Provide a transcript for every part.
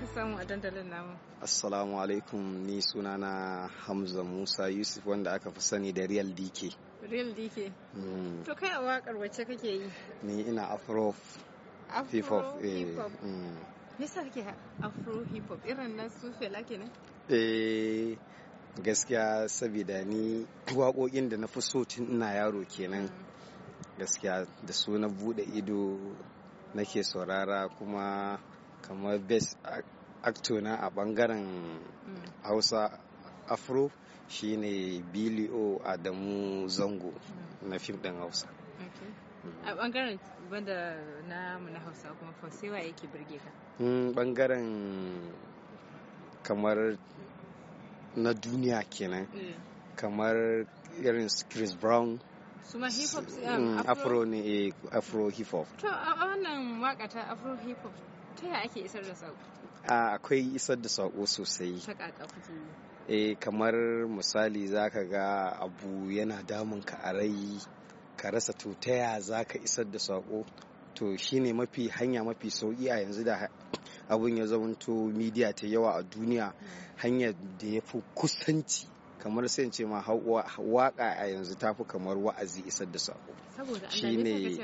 ka samu a dandalin namu? Assalamu alaikum ni sunana Hamza Musa Yusuf wanda aka fi sani da Real DK. Real DK? Hmm. To kai a wakar wacce kake yi? Ni ina Afro Hip Hop. Nisa ke Afro Hip Hop eh. hmm. irin na sufela kenan? Eh gaskiya saboda ni waƙoƙin da na fi so tun ina yaro kenan hmm. gaskiya da su na buɗe ido nake saurara kuma kamar best actor na a bangaren mm. hausa afro shine bilio adamu zango mm. na fim din hausa mm. a bangaren banda na na hausa kuma fosewa yake birge ka bangaren kamar na duniya kenan eh. kamar irin chris brown suma hip hop um, afro ne eh, afro hip hop to a wannan wakata afro hip hop akwai isar da saƙo sosai eh kamar misali zaka ga abu yana damun ka a rai ka rasa to ta yaya zaka isar da saƙo to shine mafi hanya mafi sauƙi a yanzu da abun ya zamanto midiya ta yawa a duniya hanyar da ya fi kusanci kamar sai ce ma waka a yanzu ta fi kamar wa'azi isar da saƙo. shine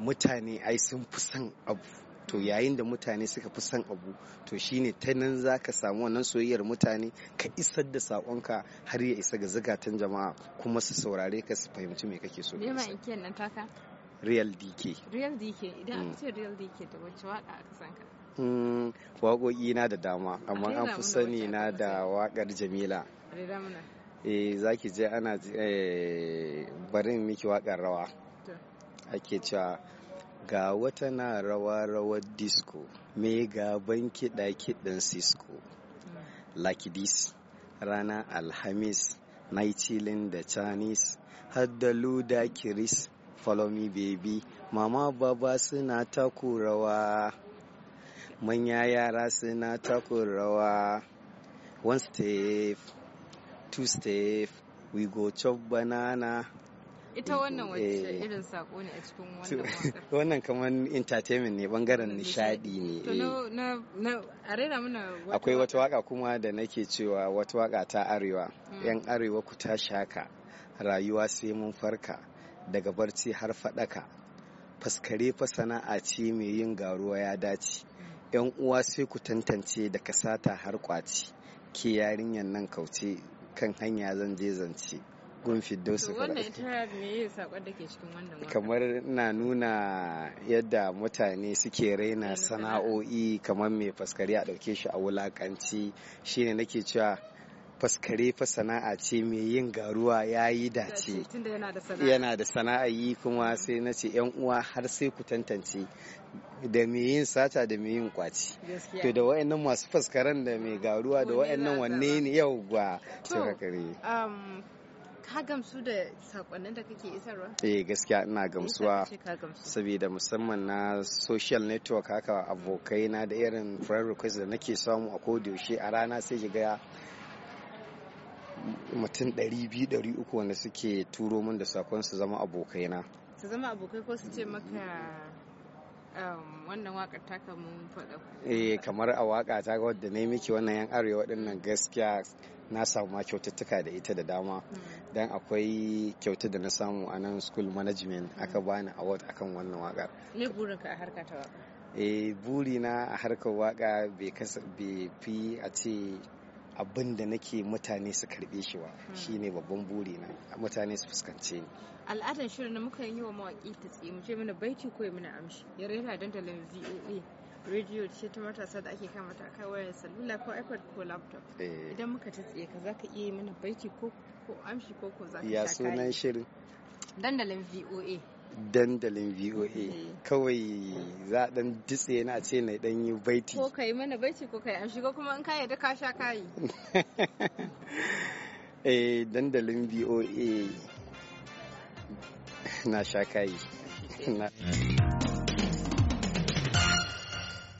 mutane ai sun fi son abu to yayin da mutane suka fi son abu to shine ta nan za ka samu wannan soyayyar mutane ka isar da saƙonka har ya isa ga zukatan jama'a kuma su saurare ka su fahimci me kake so nan taka real dk real dk idan aka mm. ce real dk da wacce waka aka san ka hmm, waƙoƙi na da dama amma an fi sani na da waƙar jamila eh za ki je ana eh, barin miki waƙar rawa ake cewa ga wata na rawa rawar disco ga banki kiɗa kiɗan cisco this rana alhamis nightilin da chinese haddalu da kiris follow me baby mama baba suna takurawa manya yara suna takurawa one step two step we go chop banana ita wannan wacce eh. irin sako ne a cikin wannan wannan kamar entertainment ne bangaren nishadi ne to eh. na na a rera mana akwai wata waka kuma da nake cewa wata waka ta arewa hmm. yan arewa ku ta shaka rayuwa sai mun farka daga barci har fadaka faskare fa sana'a ce mai yin garuwa ya dace hmm. yan uwa sai ku tantance da kasata har kwaci ke yarinyan nan kauce kan hanya zan je zance gun fiddausu wannan ita me yi sakon da ke cikin wannan kamar na nuna yadda mutane suke raina sana'o'i kamar mai faskare a ɗauke shi a wulakanci shine nake cewa faskare fa sana'a ce mai yin garuwa ya yi dace yana da sana'a yi kuma mm. sai na ce yan uwa har sai ku tantance da mai yin sata da mai yin kwaci to da wayannan masu faskaren da mai garuwa da nan wanne ne yau ba sai ka gamsu da sakonnin da kake isarwa eh gaskiya ina gamsuwa saboda musamman na social network haka abokai na da irin friend request da nake samu a kodiyaushe a rana sai shiga mutum 200-300 wanda suke turo min da sakon su zama abokaina su zama abokai ko su ce maka Um, wannan wakar ta kamun faɗa eh kamar a waka ta wadda na yi miki wannan yan arewa dinnan gaskiya na samu ma kyaututtuka da ita da dama hmm. dan akwai kyautu da na samu a nan school management aka bani award akan wannan wakar me a harka ta waka eh burina a harkar waka bai fi a ce abin da nake mutane su karbe shi wa hmm. shine babban buri na mutane su fuskance ni al'adar shirin da muka yi wa mawaƙi ta tsaye mu ce mana baiti ko mana amshi ya rera dandalin VOA radio ce ta matasa da ake kama ta kai wayar salula ko ipad ko laptop eh. idan muka ta tsaye ka zaka iya yi mana baiti ko amshi ko ko zaka ya sunan shirin dandalin VOA dandalin VOA kawai za a dan ditse na ce na dan yi baiti ko kai mana baiti ko kai an shiga kuma in ka da ka sha kayi eh dandalin VOA na sha kayi